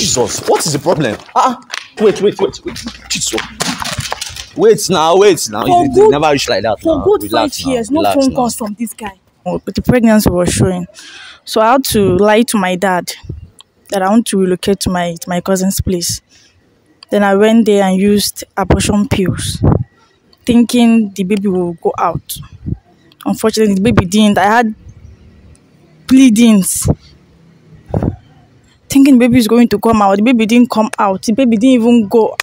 Jesus, what is the problem? Ah, ah, wait, wait, wait, wait. Jesus. Wait now, wait now. For good, never reach like that. For now. good Relax five now. no phone calls from this guy. but the pregnancy was showing. So I had to lie to my dad that I want to relocate to my, to my cousin's place. Then I went there and used abortion pills, thinking the baby will go out. Unfortunately, the baby didn't. I had bleedings thinking the baby is going to come out. The baby didn't come out. The baby didn't even go.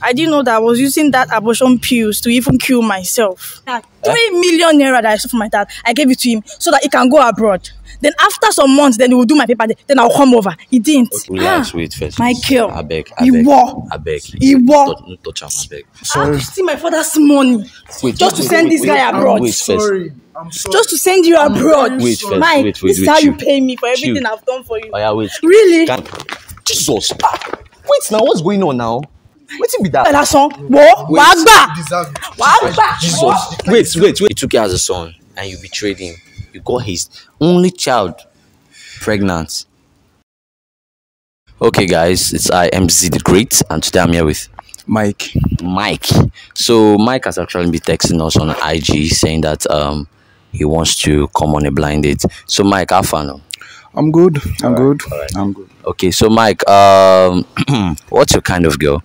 I didn't know that I was using that abortion pills to even kill myself. That three million naira that I saw for my dad, I gave it to him so that he can go abroad. Then after some months, then you will do my paper. Then I'll come over. He didn't. Okay, relax, ah, wait first. My girl. I beg. I beg. Iwo. I beg. Iwo. No touch him. I beg. Ah, sorry. I have to see my father's money. Wait. Just wait, to wait, send wait, this wait, guy wait, abroad. Wait first. Sorry. I'm sorry. Just to send you I'm abroad. Wait first. Mike, wait, wait, this is how you pay me for everything Chill. I've done for you. Oh yeah, wait. Really? Can Jesus. Ah. Wait now. What's going on now? wetin be that. lásán wo wàá gbà wàá gbà. jesus wait wait wait you took it as a son and you betrayed him. You got his only child pregnant. Okay, guys, it's I the Great, and today I'm here with Mike. Mike. So Mike has actually been texting us on IG saying that um he wants to come on a blind date. So Mike, how far now? I'm good. I'm good. Right. I'm good. Okay, so Mike, um, what's your kind of girl?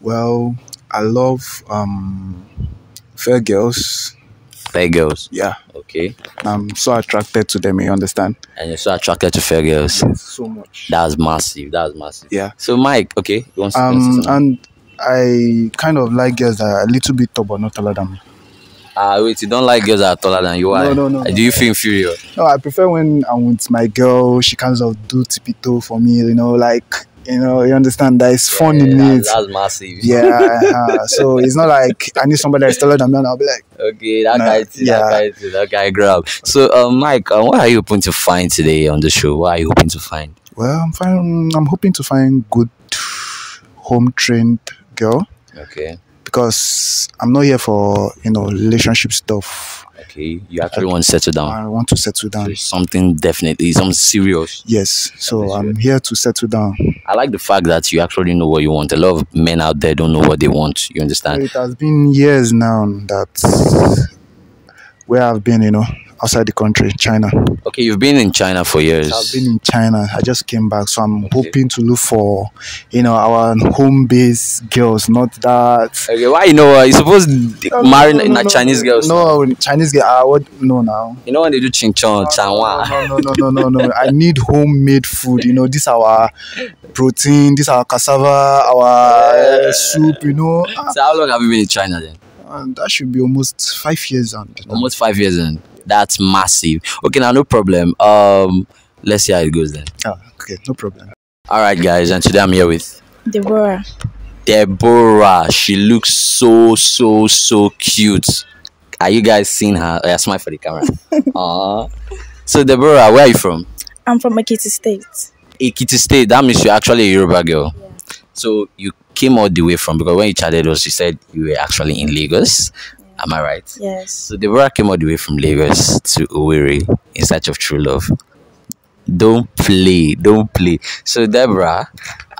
Well, I love um fair girls Fair girls. Yeah. Okay. I'm so attracted to them, you understand? And you're so attracted to fair girls. Yes, so much. That's massive. That's massive. Yeah. So Mike, okay. You want um and I kind of like girls that are a little bit taller, not taller than me. Ah, wait, you don't like girls that are taller than you are? No, no, no. Do no. you feel inferior? No, I prefer when I'm with my girl, she kind of do toe for me, you know, like you know, you understand that it's yeah, fun in that, it. That's massive. Yeah. uh, so it's not like I need somebody that's taller than me and I'll be like, okay, that nah, guy, too, yeah. that guy, too, that guy grab. So, uh, Mike, uh, what are you hoping to find today on the show? What are you hoping to find? Well, I'm find, I'm hoping to find good home trained girl. Okay because I'm not here for you know relationship stuff. Okay, you actually want to settle down. I want to settle down. So something definitely, something serious. Yes, so I'm here to settle down. I like the fact that you actually know what you want. A lot of men out there don't know what they want. You understand? It has been years now that where I've been, you know, outside the country, China. Okay, you've been in China for years. I've been in China. I just came back, so I'm okay. hoping to look for, you know, our home-based girls, not that. Okay, why you know? Uh, you supposed no, marry no, no, Chinese girls? No, Chinese girl. I ah, would no now. You know when they do ching chong, chanwa. No, no, no, no, no, I need homemade food. You know, this our protein, this our cassava, our soup. You know. So how long have you been in China then? And that should be almost five years and almost five years and that's massive. Okay, now no problem. Um, let's see how it goes then. Oh, okay, no problem. All right, guys, and today I'm here with Deborah. Deborah, she looks so so so cute. Are you guys seeing her? Oh, yeah, smile for the camera. Aww. So Deborah, where are you from? I'm from Ekiti State. Ekiti State. That means you're actually a Yoruba girl. Yeah. So you came all the way from because when you chatted us, you said you were actually in Lagos, Am I right? Yes. So Deborah came all the way from Lagos to Owerri in search of true love. Don't play, don't play. So Deborah,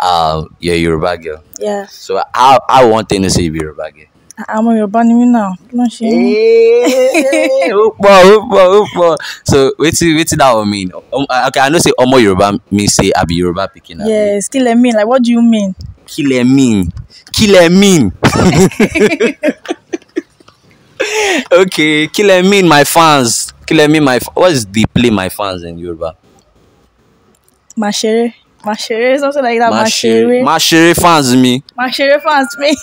um, you're Yoruba girl. Yeah. So I I want to say you're Yoruba girl. I'm a Yoruba náà now. ló ń ṣe mí. Eh, ó wait, ó so that one mean um, okay i know say ọmọ yorùbá mean say i be yorùbá pikin. yes kill me. like what do you mean. Kill me. Kill me okay, Killer Mean, my fans. Killer Mean, my. What is the play, my fans in Yoruba? Mashere. Mashere, something like that. Mashere. Mashere fans me. Mashere fans me.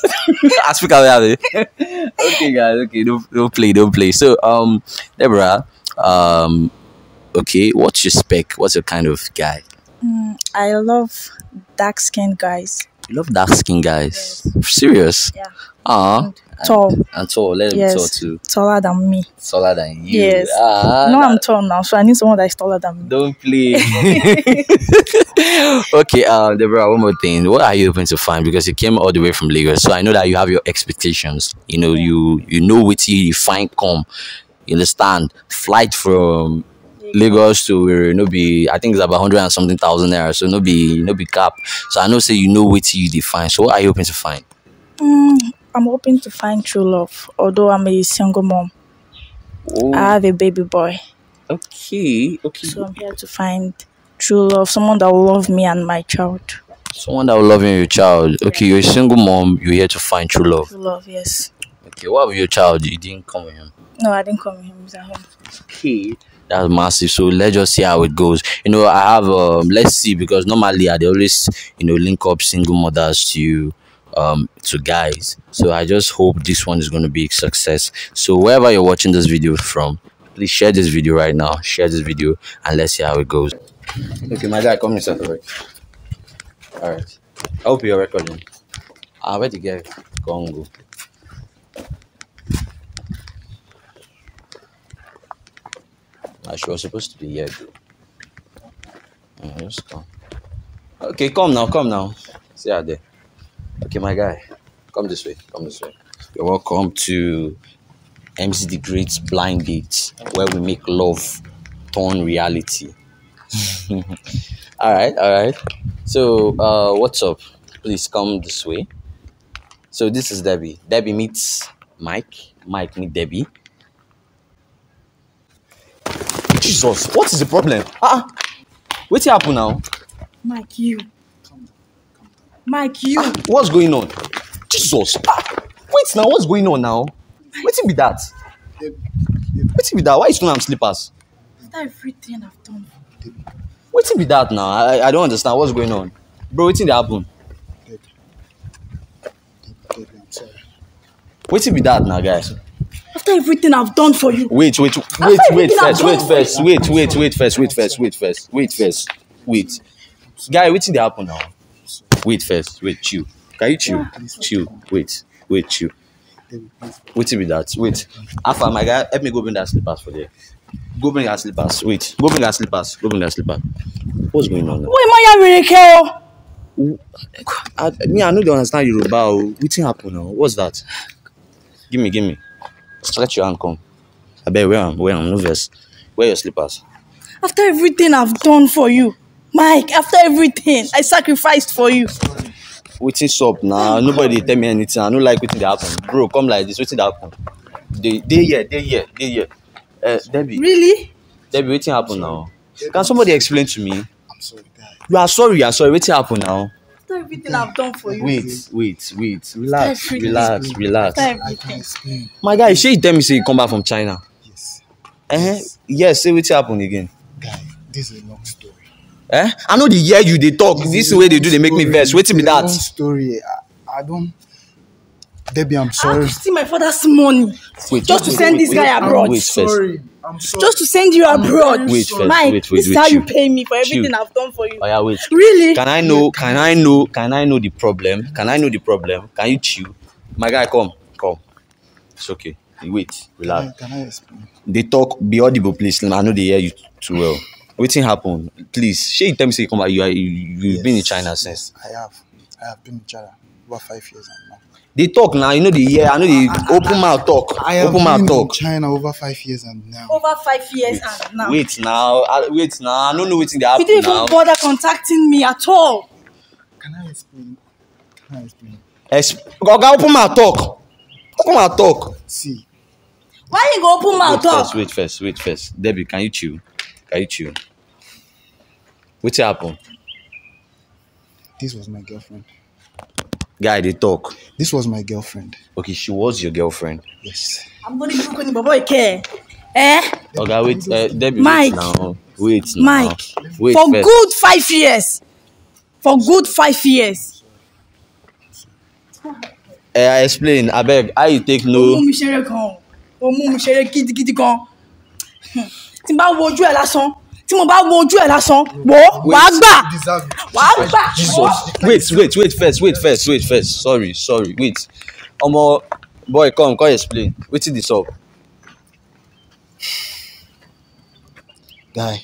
I speak out eh? Okay, guys. Okay, don't, don't play, don't play. So, um, Deborah, um, okay, what's your spec? What's your kind of guy? Mm, I love dark skinned guys. You love dark skinned guys? Yes. Serious? Yeah tall. And tall. Let him yes. tall too. Taller than me. Taller than you. Yes. Ah, no, that... I'm tall now, so I need someone that is taller than me. Don't play. okay, um, Deborah, one more thing. What are you hoping to find? Because you came all the way from Lagos, so I know that you have your expectations. You know, yeah. you you know which you, you find come. You understand? Flight from Lagos to you no be I think it's about hundred and something thousand naira. So no be no be cap. So I know say you know what you define. So what are you hoping to find? Mm, I'm hoping to find true love, although I'm a single mom. Oh. I have a baby boy. Okay, okay. So I'm here to find true love, someone that will love me and my child. Someone that will love you and your child. Yeah. Okay, you're a single mom, you're here to find true love. True love, yes. Okay, what about your child? You didn't come with him? No, I didn't come with him. He's at home. Okay. That's massive. So let's just see how it goes. You know, I have um, let's see because normally I always, you know, link up single mothers to you um to guys so i just hope this one is going to be a success so wherever you're watching this video from please share this video right now share this video and let's see how it goes okay my guy come inside all right all right i hope you're recording ah where to get congo ah, she was supposed to be here though. come. Mm, okay come now come now see her there Okay, my guy, come this way. Come this way. You're welcome to MC the Great's Blind Date, where we make love turn reality. all right, all right. So, uh, what's up? Please come this way. So this is Debbie. Debbie meets Mike. Mike meets Debbie. Jesus, what is the problem? Ah, uh -uh. Ah. what happened now? Mike, you. Mike, you. Ah, what's going on? Jesus. Ah, wait now, what's going on now? What's it be that? What's it be that? Why is you i am slippers? After everything I've done. What's it be that now? I, I don't understand what's going on. Bro, what's wetin dey happen? it be that now, guys? After everything I've done for you. Wait, wait, wait, wait, first, wait first, wait, wait, wait first, wait first, wait first, wait first, wait. Guy, wetin dey happen now? wait first wait chill can you chill chill wait wait chill wetin be that wait alpha my guy help me go bring that slippers for there go bring that slippers wait go bring that slippers go bring that slippers what's going on now. wey maya really care? I, me i no dey understand yoruba o oh. wetin happen now oh? what's that give me give me stretch your hand come abeg wear am wear am no vex wear your slippers. after everything i've done for you. Mike, after everything I sacrificed for you. Wetin sup na nobody tell me anything I no like wetin dey happen bro come like this wetin dey happen They, they, yeah, they, yeah, they, yeah. Eh, uh, Debbie really Debbie wetin happen now can somebody explain to me I'm sorry, Dad. you are sorry you are sorry wetin happen now after everything I've done for you. Wait, wait, wait. Relax, relax, relax. I can explain. My guy, she tell me say you come back from China. Yes. Uh-huh. Yes, say wetin happen again. Guy, this is a long story eh i know dey hear you dey talk this way They do dey make me vex wetin be that. story i don debbie i'm ah, sorry. i have see my father's money wait, just wait, to send wait, this wait, guy ah, abroad. wait first I'm sorry. just to send you abroad. wait first Mike, wait wait wait this is how you pay me for everything chill. i've done for you. oya oh, wait really. can i know can i know can i know the problem can i know the problem can you chill my guy come come it's okay wait relax. can i, explain. dey talk be audible please i no dey hear you too well wetin happen please shey you tell me say you come back you are you, yes. been in china since. i have i have been in china over five years now. dey talk na you no dey hear i no dey open mouth talk open mouth talk. i have been in china over five years and now. over five years wait, and now. wait na wait na i no know wetin dey happen now. you didn't even bother contacting me at all. can i explain can i explain. oga open mouth talk open mouth talk. see. why you go open mouth talk. wait first wait first wait first debbie can you chill can you chill wetin happened? this was my girlfriend. guy they talk. this was my girlfriend. okay she was your girlfriend. yes. I'm going to ni bàbá ìkẹ́ ẹ. oga wait uh, eh, debi wait now wait now mike wait for first. good five years for good five years. Eh, I explain abeg how you take know. o mú mi ṣeré kan o mú mi ṣeré gidigidi kan hmm. tí n bá wojú ẹ lásán tí mo bá wo ojú ẹ lásán wò ó wàá gbà wàá gbà. jesus wait wait wait first wait first wait first sorry sorry wait ọmọ boy come come explain wetin dey sup. guy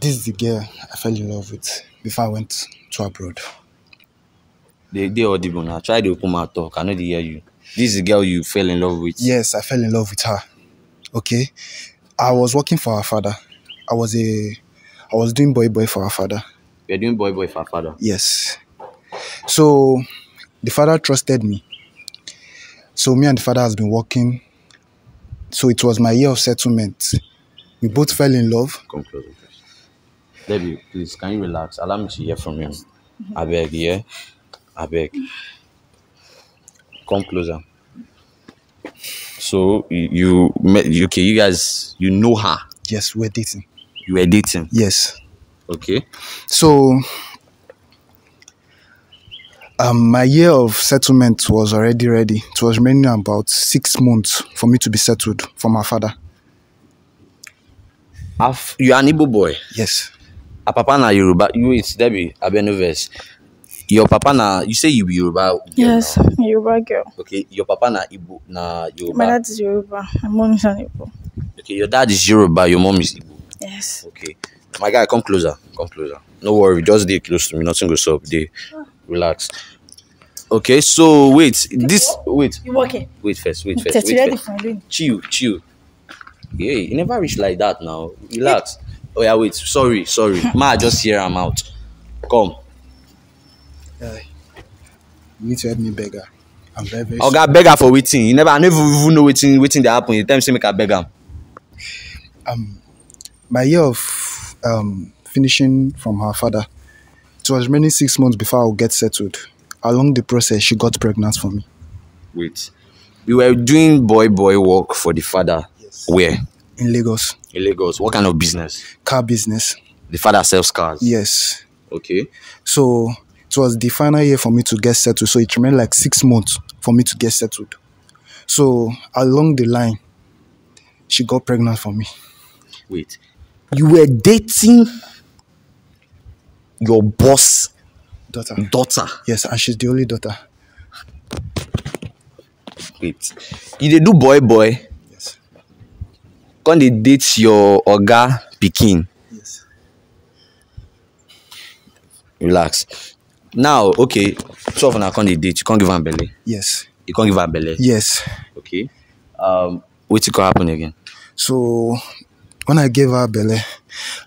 this is the girl i fell in love with before i went to abroad. dey dey audible na try dey open mouth talk i no dey hear you this is the girl you fell in love with. yes i fell in love with her okay I was working for our father. I was a, I was doing boy boy for our father. You're doing boy boy for our father. Yes. So, the father trusted me. So me and the father has been working. So it was my year of settlement. We both fell in love. Come closer, please. Debbie, please can you relax? Allow me to hear from you. Mm-hmm. I beg, yeah. I beg. Come closer. So you, met okay, you guys you know her. Yes, we're dating. You were dating? Yes. Okay. So um, my year of settlement was already ready. It was remaining about six months for me to be settled for my father. Af- you are an Igbo boy? Yes. A ah, papa na Yoruba, you is Debbie Abenoves. your papa na you say you be Yoruba girl yes now. Yoruba girl okay your papa na Igbo na Yoruba my dad is Yoruba my mom is an Igbo okay your dad is Yoruba your mom is Igbo yes okay my guy come closer come closer no worry just dey close to me nothing go sup dey relax okay so wait this wait wait first wait first wait first chill chill yeah you never reach like that now relax oh yeah wait sorry sorry ma just hear am out come you need to help me beggar. I'm very, very Oga okay, beggar for waiting. You never I never even know waiting waiting that happen. You tell me say make a beggar. Um my year of um finishing from her father. It was many six months before I would get settled. Along the process, she got pregnant for me. Wait. You were doing boy boy work for the father. Yes. Where? In Lagos. In Lagos. What kind of business? Car business. The father sells cars. Yes. Okay. So it was the final year for me to get settled. So it remained like six months for me to get settled. So along the line, she got pregnant for me. Wait, you were dating your boss daughter? Daughter. Yes, and she's the only daughter. Wait, you the do boy boy? Yes. Can they date your oga Pekin? Yes. Relax now okay two of I can't date you can't give am belly. yes. you can't give her belly. yes. okay um gonna happen again. so when i gave her belly,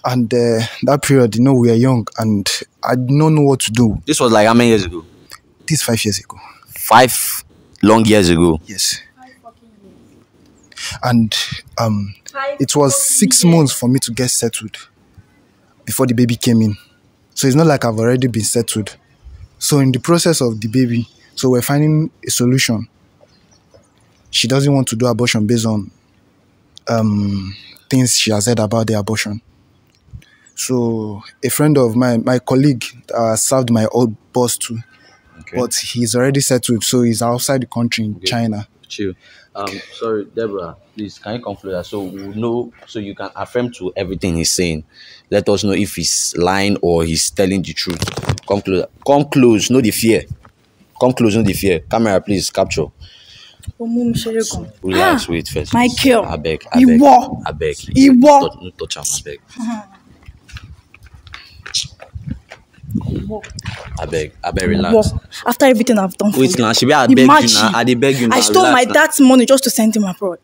and uh, that period you know we were young and i don't know what to do. this was like how many years ago. this five years ago. five long years ago. yes. and um, it was six months for me to get settled before the baby came in. So it's not like I've already been settled. So in the process of the baby, so we're finding a solution. She doesn't want to do abortion based on um, things she has heard about the abortion. So a friend of my my colleague, uh, served my old boss too, okay. but he's already settled, so he's outside the country in okay. China chill. Um, sorry, Deborah, please can you conclude that so we know so you can affirm to everything he's saying. Let us know if he's lying or he's telling the truth. Come closer. come close, no the fear. Come close, no the fear. Camera, please capture. Relax, ah, wait first. Michael, I beg, I beg, I beg. Iwo. Not touch him, I beg. abeg abeg relax well, after everything i've done for wait you wait na i beg you na i dey beg you na relax i stole my dad's money just to send him abroad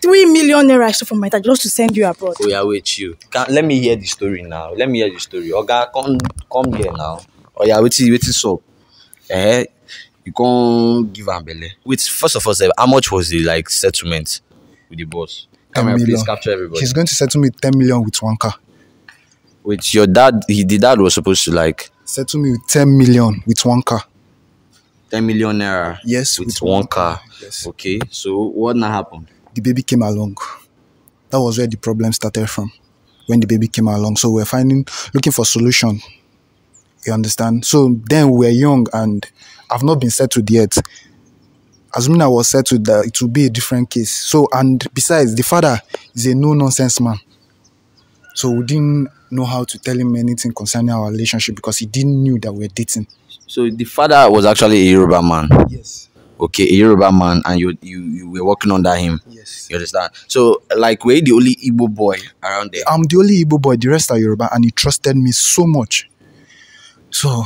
three million naira i stole from my dad just to send you abroad oya oh, wait you. Can, let me hear the story now let me hear the story oga come come here now oya oh, wetin wetin sup eh you come give am belle wait first of all sef how much was the like settlement with the boss camera please capture everybody she's going to settle me ten million with one car wait your dad he the dad was supposed to like settle me with 10 million with one car. 10 million naira? Yes. With, with one, car. car. Yes. Okay. So what now happened? The baby came along. That was where the problem started from when the baby came along. So we're finding, looking for solution. You understand? So then we're young and I've not been settled yet. Assuming I was settled, that it would be a different case. So, and besides, the father is a no nonsense man. So we didn't know how to tell him anything concerning our relationship because he didn't knew that we were dating. So the father was actually a Yoruba man. Yes. Okay, a Yoruba man, and you you, you were working under him. Yes. You understand? So like we're the only Igbo boy around there. I'm the only Igbo boy. The rest are Yoruba, and he trusted me so much. So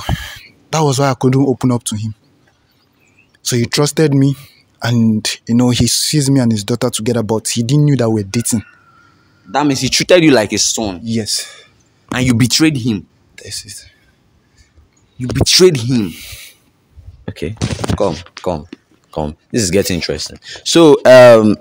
that was why I couldn't open up to him. So he trusted me, and you know he sees me and his daughter together, but he didn't knew that we we're dating. That means he treated you like a son. Yes. And you betrayed him. This is. You betrayed him. Okay. Come, come, come. This is getting interesting. So, um,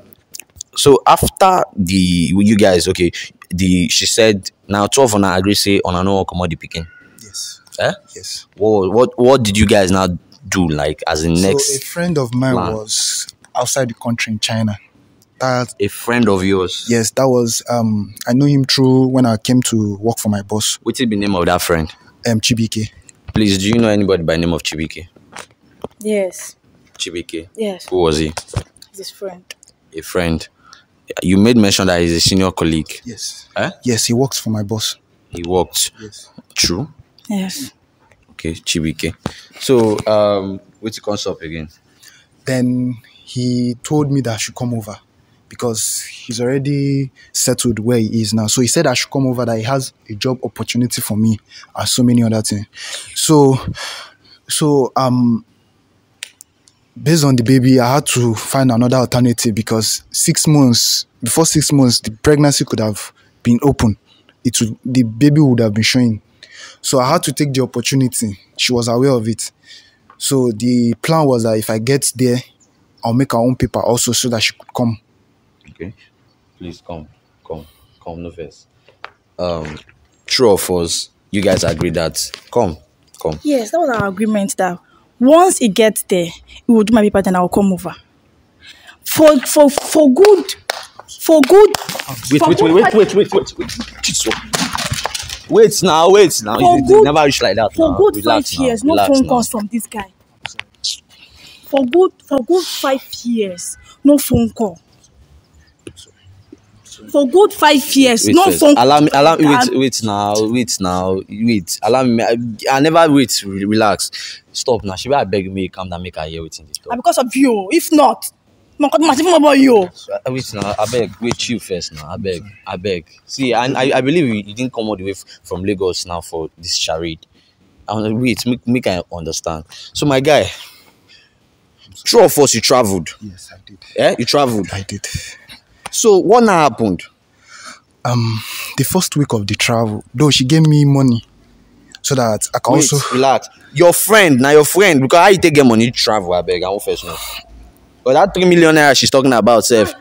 so after the you guys, okay, the she said now twelve on her agree say on another commodity picking. Yes. Eh? Yes. What what what did you guys now do like as a so next? So a friend of mine plan? was outside the country in China. That a friend of yours. Yes, that was um I knew him through when I came to work for my boss. What's the name of that friend? Um Chibike. Please, do you know anybody by name of Chibike? Yes. Chibike. Yes. Who was he? His friend. A friend. You made mention that he's a senior colleague. Yes. Eh? Yes, he works for my boss. He worked. Yes. True. Yes. Okay, Chibike. So um what's the concept again? Then he told me that I should come over because he's already settled where he is now. So he said I should come over that he has a job opportunity for me and so many other things. So so um based on the baby, I had to find another alternative because six months before six months the pregnancy could have been open. It would, the baby would have been showing. So I had to take the opportunity. She was aware of it. So the plan was that if I get there, I'll make her own paper also so that she could come Okay, please come, come, come, no first. Um, true of us. You guys agree that come, come. Yes, that was our agreement that once it gets there, we will do my paper, then I'll come over. For for for good, for good. Wait, for wait, good wait, wait, wait, wait, wait, wait, wait. Wait now, wait now. For good, never reach like that. For now. good Relax five now. years, Relax no phone now. calls from this guy. For good, for good five years, no phone call for good five years wait, no wait. phone allow me allow me wait wait now wait now wait allow me i, I never wait re relax stop now shebi beg me calm down make i hear wetin dey talk. na ah, because of you if not my kọ́ màsí fún about you. yìí o. wait na abeg wait chill first na abeg abeg see i i, I believe you, you didn't come all the way from lagos now for this charade and wait make make i understand so my guy true or false you travelled. yes i did. Yeah, you travelled. i did. So what now happened? Um, the first week of the travel, though she gave me money so that I can Wait, also relax. Your friend, now your friend, because how you take get money to travel, I beg, I won't first know. But that three million naira she's talking about, self.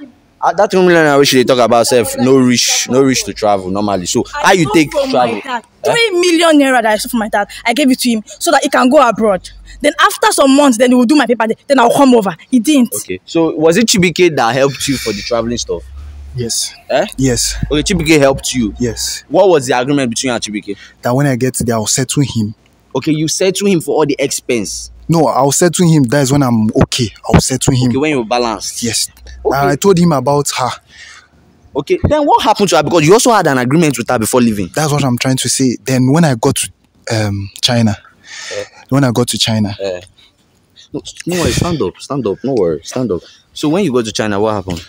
uh, that home learning wey she dey talk about sef no reach no reach to travel normally so how you take travel. Eh? three million naira that i stole from my dad i gave it to him so that he can go abroad then after some months then he will do my paper then i will come over he didn't. okay so was it chibike that helped you for the traveling stuff. Yes. Eh? Yes. Okay, Chibike helped you. Yes. What was the agreement between you and Chibike? That when I get there, I'll settle him. Okay, you settle him for all the expense. No, I'll settle him. That's when I'm okay. I'll settle him. Okay, when you're balanced. Yes. Okay. And I told him about her. Okay. Then what happened to her? Because you also had an agreement with her before leaving. That's what I'm trying to say. Then when I got to um, China, uh, when I got to China. Uh, no, no stand up, stand up, no worry, stand up. So when you go to China, what happened?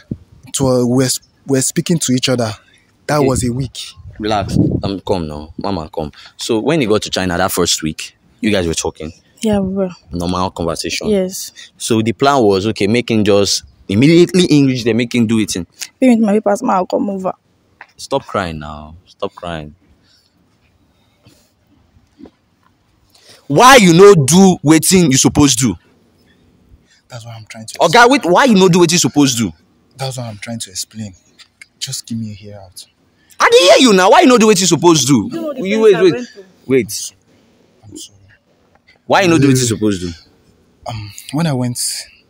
So uh, we're, we're speaking to each other. That okay. was a week. Relax. Um, come now. Mama, come. So when you got to China that first week, you guys were talking. Yeah, Normal conversation. Yes. So the plan was okay, making just immediately English, they making do it in. with my papers, ma, I'll come over. Stop crying now. Stop crying. Why you no do waiting you supposed to? That's what I'm trying to. Explain. Okay, wait. Why you no do what you supposed to? That's what I'm trying to explain. Just give me a hear out. I didn't hear you now. Why you no do what you supposed to? You, know, you wait, wait, wait. Why you not do what you mm. supposed to? Um, when I went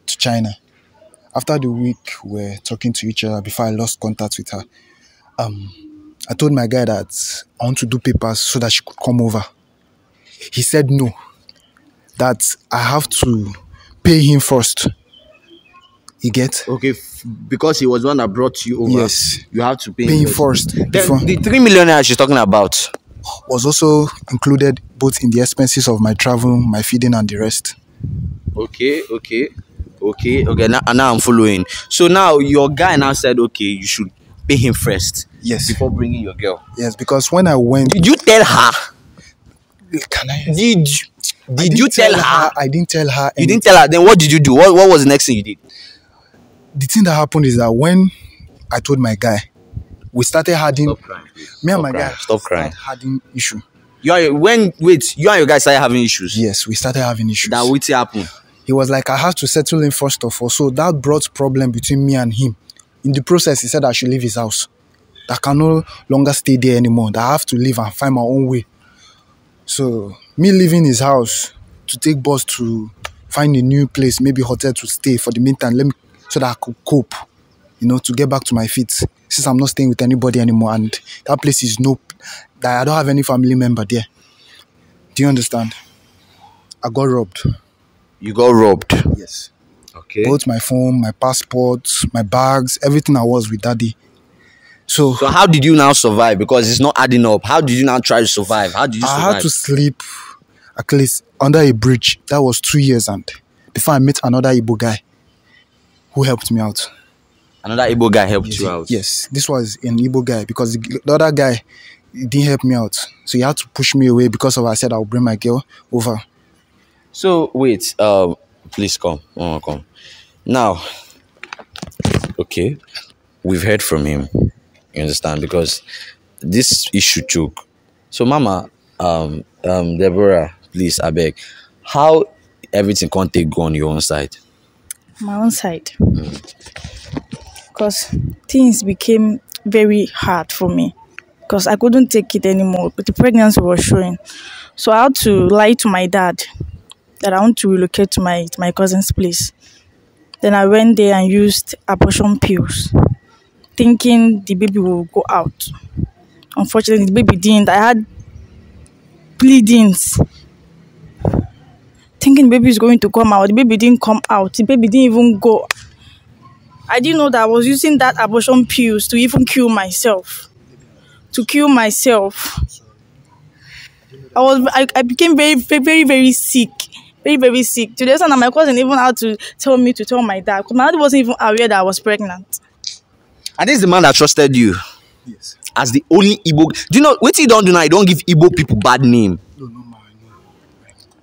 to China, after the week we're talking to each other before I lost contact with her, um, I told my guy that I want to do papers so that she could come over. He said no, that I have to pay him first. You get? Okay, f- because he was one that brought you over. Yes. You have to pay, pay him, first. The, the three million she's talking about was also included both in the expenses of my travel, my feeding, and the rest. Okay, okay, okay, okay. Now, now I'm following. So now your guy now said, okay, you should pay him first. Yes. Before bringing your girl. Yes, because when I went, did you tell her? Can I? Did you, did you tell, tell her? her? I didn't tell her. Anything. You didn't tell her. Then what did you do? What What was the next thing you did? The thing that happened is that when I told my guy, we started having me and my guy stop crying having issue. You are when wait you and your guys started having issues. Yes, we started having issues. That what happened? He was like, I have to settle in first of all. So that brought problem between me and him. In the process, he said I should leave his house. That I can no longer stay there anymore. That I have to leave and find my own way. So me leaving his house to take bus to find a new place, maybe hotel to stay for the meantime, let me so that I could cope, you know, to get back to my feet since I'm not staying with anybody anymore, and that place is no, that I don't have any family member there. Do you understand? I got robbed. You got robbed. Yes. Okay. Both my phone, my passports, my bags, everything I was with daddy. So, so how did you now survive? Because it's not adding up. How did you now try to survive? How did you? Survive? I had to sleep at least under a bridge. That was two years and before I met another Igbo guy who helped me out. Another Igbo guy helped yes, you out. Yes, this was an Igbo guy because the, the other guy didn't help me out, so he had to push me away because of I said I'll bring my girl over. So wait, um, please come, oh, come. Now, okay, we've heard from him. You understand because this issue took. So, Mama, um, um, Deborah, please, I beg, how everything can't take go on your own side? My own side. Mm because things became very hard for me because I couldn't take it anymore. But the pregnancy was showing. So I had to lie to my dad that I want to relocate to my, to my cousin's place. Then I went there and used abortion pills, thinking the baby will go out. Unfortunately, the baby didn't. I had bleedings, thinking the baby is going to come out. The baby didn't come out. The baby didn't even go I didn't know that I was using that abortion pills to even kill myself. To kill myself. I was I, I became very, very very very sick. Very, very sick. To the extent that my cousin even had to tell me to tell my dad. Because my dad wasn't even aware that I was pregnant. And this is the man that trusted you. Yes. As the only Igbo. Do you know what you don't do now? You don't give Igbo people bad name. No, no, ma, no.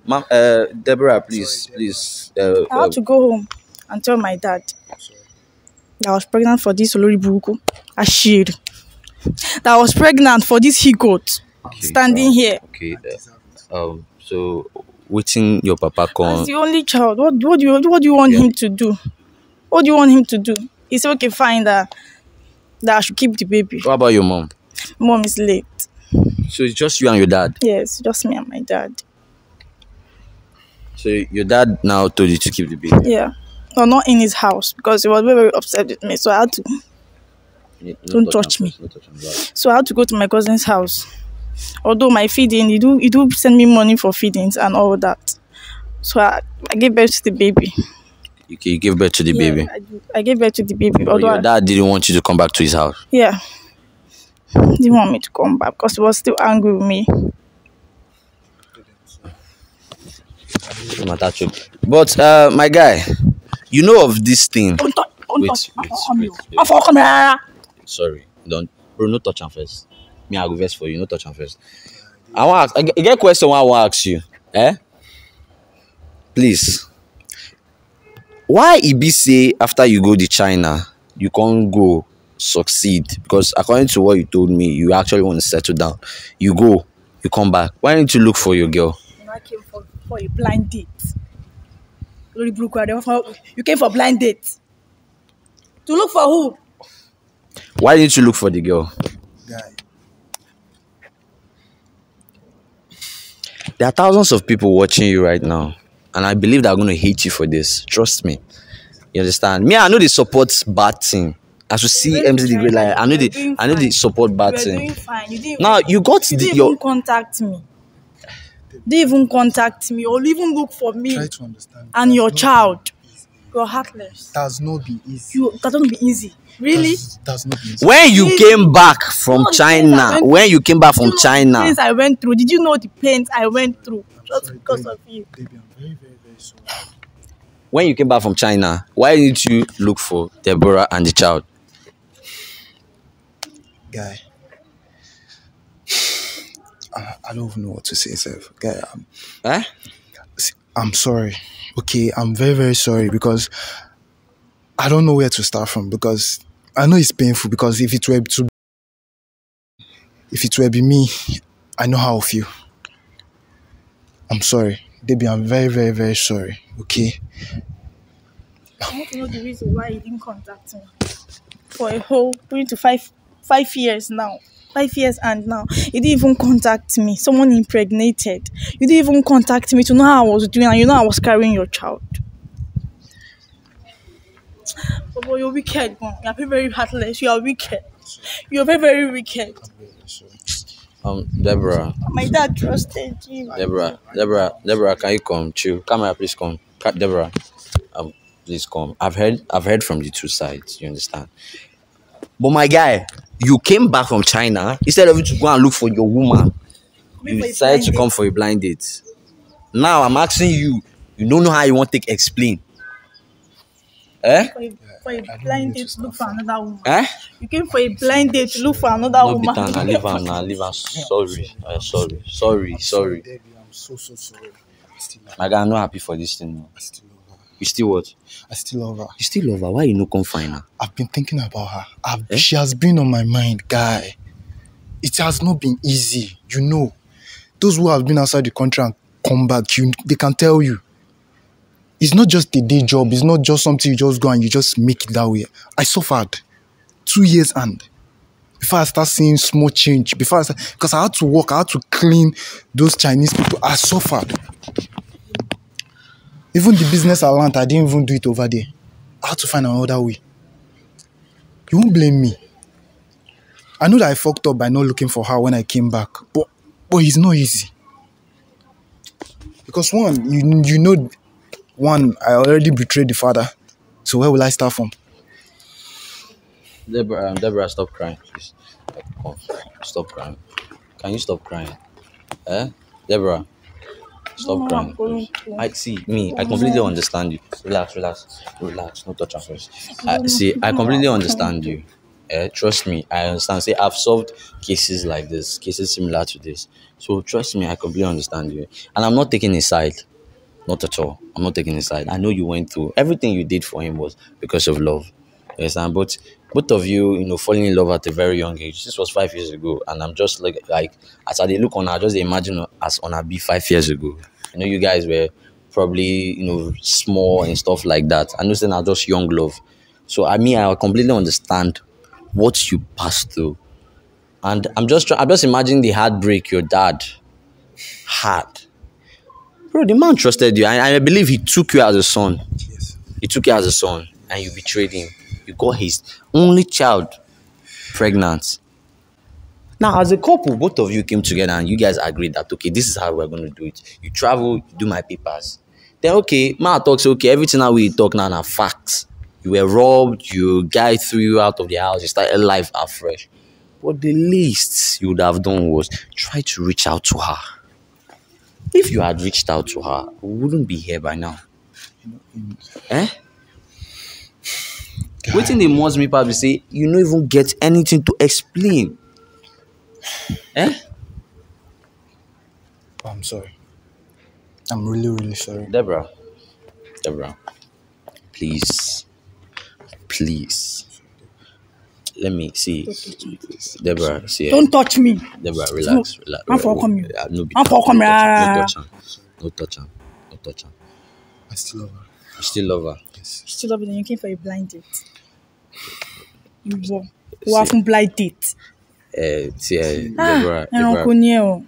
Ma, uh, Deborah, please, Sorry, Deborah. please. Uh, I have uh, to go home and tell my dad. Sorry that I was pregnant for this Lori Buruku. Ashir. That I was pregnant for this he goat. Okay, standing um, here. Okay. Uh, um so waiting your papa come. As the only child. What what do you what do you want yeah. him to do? What do you want him to do? He said okay fine that that I should keep the baby. What about your mom? Mom is late. So it's just you and your dad? Yes, just me and my dad. So your dad now told you to keep the baby? Yeah. No, not in his house because he was very, very upset with me. So I had to. Yeah, don't touch, touch me. Touch So I had to go to my cousin's house. Although my feeding, he do he do send me money for feedings and all that. So I, I gave birth to the baby. You, you gave birth to the yeah, baby. I, I, gave birth to the baby. But although your dad I, didn't want you to come back to his house. Yeah, he didn't want me to come back because he was still angry with me. But uh, my guy, you know of this thing. Don't touch. Don't wait, touch. Wait, wait, wait. Afọ Sorry, don't bro no touch him first. Me I go vex for you, no touch him first. I wan ask, I get question wey I wan ask you. Eh? Please. Why e say after you go to China, you can't go succeed? Because according to what you told me, you actually want to settle down. You go, you come back. Why didn't you look for your girl? You know, I came for, for a blind date lórí burúkú adé wọn fọ you came for blind date to look for who. why didn't you look for the girl. Guy. There are thousands of people watching you right now, and I believe they're going to hate you for this. Trust me. You understand? Me, I know they support bad team. As you see MC the Great Lion, I know they, I know they support bad team. Now you got you the, your contact me. they even contact me or even look for me Try to understand. and your child. You're heartless. Does not be easy. You that don't be easy. Really? Does, does not be easy. When you came back from All China, when you came back from you know China, the pains I went through. Did you know the pains I went through I'm just sorry, because they, of you? They be very, very, very sorry. When you came back from China, why didn't you look for Deborah and the child? Guy, I, I don't even know what to say, Seth. Okay, I'm, eh? I'm sorry. Okay, I'm very, very sorry because I don't know where to start from because I know it's painful because if it were to if it were be me, I know how I feel. I'm sorry. Debbie, I'm very, very, very sorry. Okay. I want to know the reason why you didn't contact me for a whole three to five five years now five years and now you didn't even contact me someone impregnated you didn't even contact me to know how i was doing and you know i was carrying your child but boy, you're wicked you're very heartless you are wicked you're very very wicked um deborah my dad trusted you deborah deborah deborah can you come chill here, please come deborah um please come i've heard i've heard from the two sides you understand but my guy you came back from China instead of you to go and look for your woman, you decided to come for a blind date. Now I'm asking you, you don't know how you want to explain. Eh? For a, for a blind date, to look for another woman. Eh? You came for a blind date, to look for another no, woman. Bitan, I leave her now, leave her. Sorry, uh, sorry, sorry, sorry. I'm so, so sorry. My guy, I'm not happy for this thing. Now. You still what? I still love her. You still love her? Why you no come find her? I've been thinking about her. Eh? She has been on my mind, guy. It has not been easy, you know. Those who have been outside the country and come back, you, they can tell you. It's not just a day job. It's not just something you just go and you just make it that way. I suffered two years and before I start seeing small change, before I start, because I had to work, I had to clean those Chinese people. I suffered. Even the business I want, I didn't even do it over there. I had to find another way. You won't blame me. I know that I fucked up by not looking for her when I came back, but but it's not easy. Because one, you you know, one I already betrayed the father, so where will I start from? Deborah, um, Deborah, stop crying, please. Oh, stop crying. Can you stop crying? Eh, Deborah. Stop crying. I see me. I completely understand you. Relax, relax, relax. No touch on first. I see. I completely understand you. Eh? Trust me. I understand. See, I've solved cases like this, cases similar to this. So trust me. I completely understand you, and I'm not taking a side. Not at all. I'm not taking a side. I know you went through everything you did for him was because of love. You understand? But both of you, you know, falling in love at a very young age. This was five years ago, and I'm just like, like as I look on her, just imagine as on her be five years ago. You know, you guys were probably you know small and stuff like that. I know now just young love. So I mean, I completely understand what you passed through, and I'm just I'm just imagining the heartbreak your dad had. Bro, the man trusted you, I, I believe he took you as a son. Yes. He took you as a son, and you betrayed him you got his only child pregnant. Now, as a couple, both of you came together and you guys agreed that okay, this is how we're going to do it. You travel, you do my papers. Then okay, Ma talks okay, everything that we talk now are facts. You were robbed, you guy threw you out of the house, you started life afresh. But the least you would have done was try to reach out to her. If you had reached out to her, we wouldn't be here by now. Eh? wetin the must me probably say you no even get anything to explain eh oh, i'm sorry i'm really really sorry deborah deborah please please let me see deborah see don't eh. touch me deborah relax relax i'm for come you i'm for come no touch am ah. no touch am no touch am i still love her you still love her yes still love her then you came for a blind date ìwọ wà fún blind date. ẹ ti ẹ Deborah ẹranko ni ẹ o.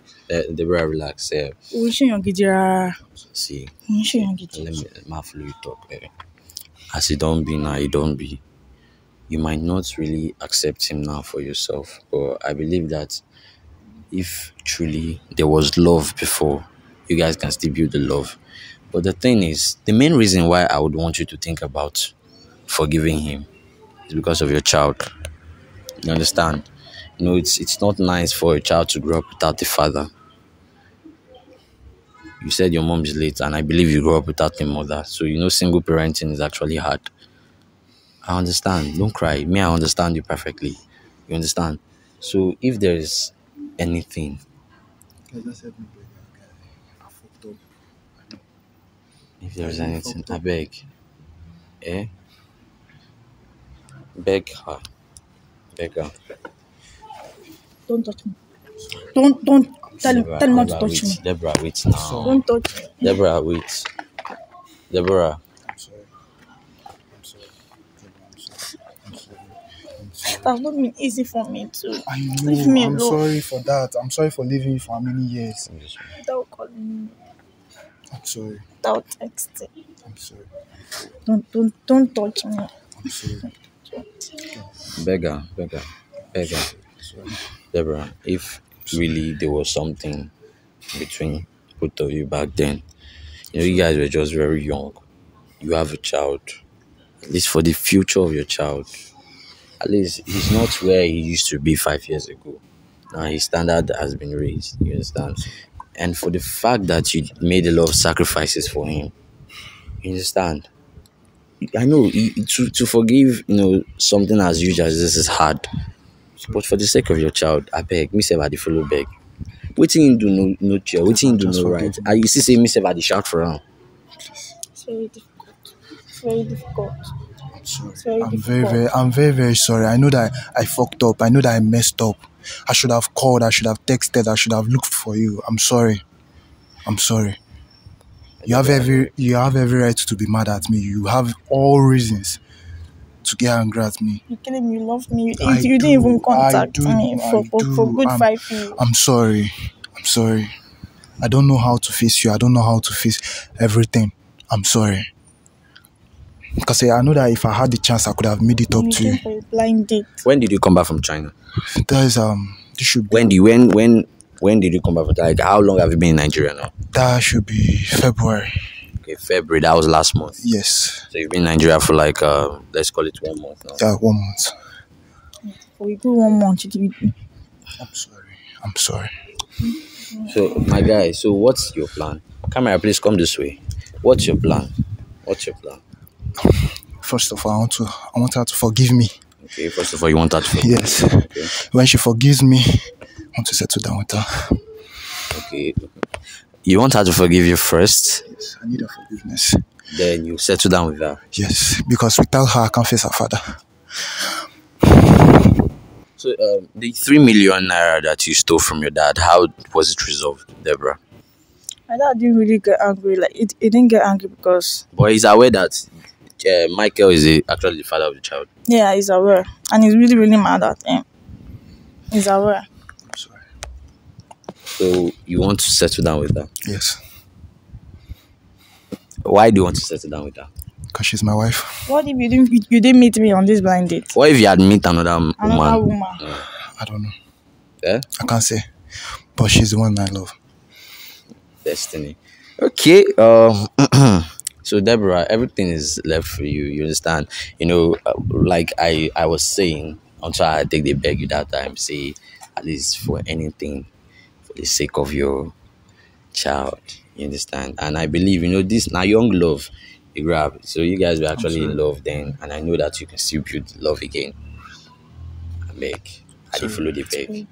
Deborah eh, relax. Eh. o ń ṣèyàn gidi rárá. see o ń ṣèyàn gidi. let me ma follow eh. you talk. Uh, as e don be now do don be you might not really accept him now for yourself but I believe that if truly there was love before you guys can still build the love but the thing is the main reason why I would want you to think about forgiving him because of your child. You understand? You know, it's it's not nice for a child to grow up without a father. You said your mom is late, and I believe you grew up without a mother. So you know, single parenting is actually hard. I understand. Don't cry. Me, I understand you perfectly. You understand? So if there is anything. If there's anything, I beg. Eh? Beggar. Beggar. Don't touch me. Don't don't tell Deborah, tell not to touch wait. me. Deborah, wait now. Don't touch me. Deborah, wait. Deborah. That's not been easy for me too. I know. Leave me I'm alone. sorry for that. I'm sorry for leaving you for how many years. Without calling me. I'm sorry. Without texting. I'm sorry. Don't don't don't touch me. I'm sorry beggar, beggar, beggar. Deborah, if really there was something between both of you back then, you know, you guys were just very young. You have a child, at least for the future of your child. At least he's not where he used to be five years ago. Now his standard has been raised, you understand? And for the fact that you made a lot of sacrifices for him, you understand? I know to to forgive you know something as huge as this is hard, but for the sake of your child, I beg. Me say I the follow beg. Waiting in do no no chair. Waiting in do no right. I you see say me say the shout for her. It's very difficult. It's very difficult. Sorry. Very I'm very, very, I'm very, very sorry. I know that I fucked up. I know that I messed up. I should have called. I should have texted. I should have looked for you. I'm sorry. I'm sorry. You have every you have every right to be mad at me. You have all reasons to get angry at me. You're kidding me. You love me. You, you do, didn't even contact do, me for, for, for, good I'm, five years. I'm sorry. I'm sorry. I don't know how to face you. I don't know how to face everything. I'm sorry. Because I know that if I had the chance, I could have made it up to you. blind date. When did you come back from China? That is um. This should when do you, when when when did you come back? Like, how long have you been in Nigeria now? That should be February. Okay, February. That was last month. Yes. So you've been in Nigeria for like, uh, let's call it one month now. Yeah, one month. We do one month. I'm sorry. I'm sorry. So, my guy, so what's your plan? Camera, please come this way. What's your plan? What's your plan? First of all, I want to I want her to forgive me. Okay, first of all, you want her to forgive Yes. Okay. When she forgives me, want to settle down with her. Okay. You want her to forgive you first? Yes, I need her forgiveness. Then you settle down with her? Yes, because without her, I can't face her father. So, um, the three million naira that you stole from your dad, how was it resolved, Deborah? My dad didn't really get angry. Like, it, he didn't get angry because. But he's aware that uh, Michael is the, actually the father of the child. Yeah, he's aware. And he's really, really mad at him. He's aware. So you want to settle down with her? Yes. Why do you want to settle down with her? Because she's my wife. What if you didn't you didn't meet me on this blind date? What if you had met another, another woman? woman? I don't know. Yeah? I can't say. But she's the one I love. Destiny. Okay. Um. so Deborah, everything is left for you. You understand? You know, uh, like I I was saying until I take the beg you that time. Say at least for anything the sake of your child. You understand? And I believe, you know, this now young love you grab. So you guys were actually in love then, and I know that you can still build love again. I make. I did follow the peg.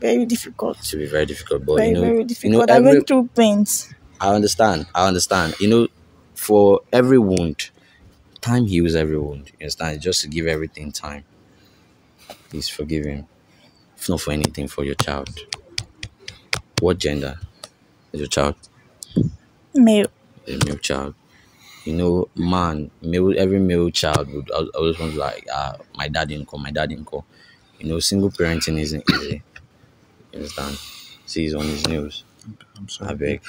Very difficult. It should be very difficult, but very, you know, very difficult. You know, every, I went through pains. I understand. I understand. You know, for every wound, time heals every wound. You understand? Just to give everything time. Please forgive him, if not for anything, for your child. What gender is your child? Male. A male child. You know, man, male, every male child would always want like, uh, my dad didn't call, my dad didn't call. You know, single parenting isn't easy. You understand? See, he's on his news. I'm sorry. I beg.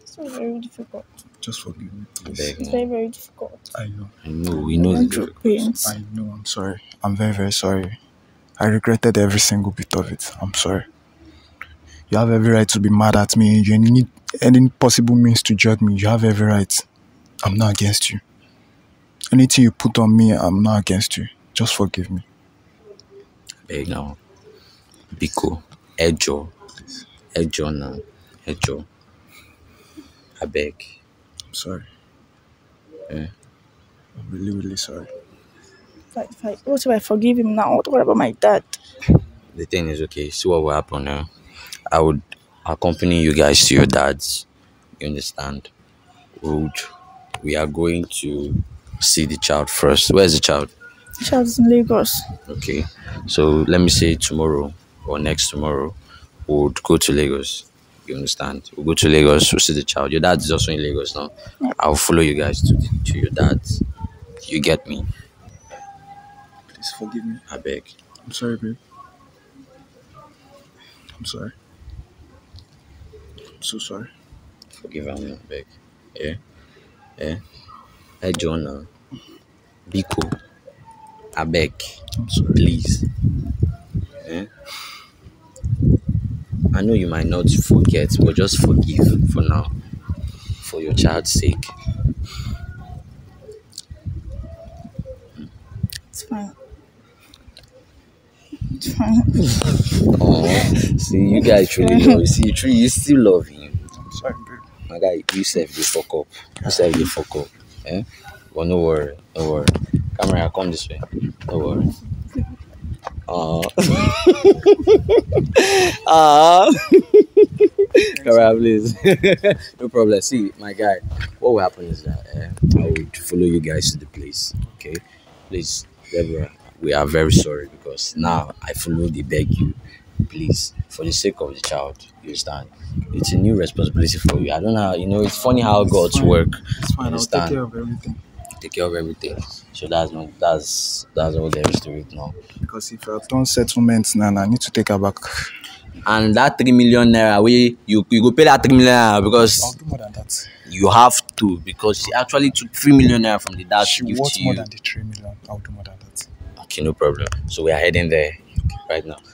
It's very difficult. Just forgive me. Please. Beg, it's very, very difficult. I know. I know. We know it's difficult. I know. I'm sorry. I'm very, very sorry. I regretted every single bit of it. I'm sorry. You have every right to be mad at me. You need any possible means to judge me. You have every right. I'm not against you. Anything you put on me, I'm not against you. Just forgive me. Beg now. Biko. Ejo. Ejo now. Ejo. I beg. I'm sorry. Yeah. I'm really, really sorry. Like, like, what if I forgive him now? What about my dad? The thing is, okay, see what will happen now. Eh? I would accompany you guys to your dad's. You understand? Would we are going to see the child first. Where's the child? The child's in Lagos. Okay. So let me say tomorrow or next tomorrow we'll go to Lagos. You understand? We'll go to Lagos, we'll see the child. Your dad is also in Lagos now. Yeah. I'll follow you guys to the, to your dad's. You get me? Please forgive me. I beg. I'm sorry, babe. I'm sorry so sorry. Forgive I'm back. Yeah. Yeah. Hey Jonah. Biko. Abeg. Please. Yeah. I know you might not forget, but just forgive for now. For your child's sake. It's fine oh, see, you guys truly. know. You see, truly, you still love him. I'm sorry, bro. My guy, you save the fuck up. You save the fuck up. Eh? But no worry, no worry. Camera, come this way. No worry. Uh, uh, Camera, please. no problem. See, my guy, what will happen is that eh, I will follow you guys to the place. Okay? Please, Deborah we are very sorry because now I fully beg you, please, for the sake of the child, you understand? It's a new responsibility for you. I don't know, how, you know, it's funny how it's God's fine. work. It's fine, understand? I'll take care of everything. Take care of everything. So that's that's that's all there is to it now. Because if I've done settlements now, I need to take her back. And that three million naira, we you you go pay that three million naira because. I'll do more than that you have to because she actually took three million naira from the dad. She wants more than the three million. I'll do more than that okay no problem so we are heading there right now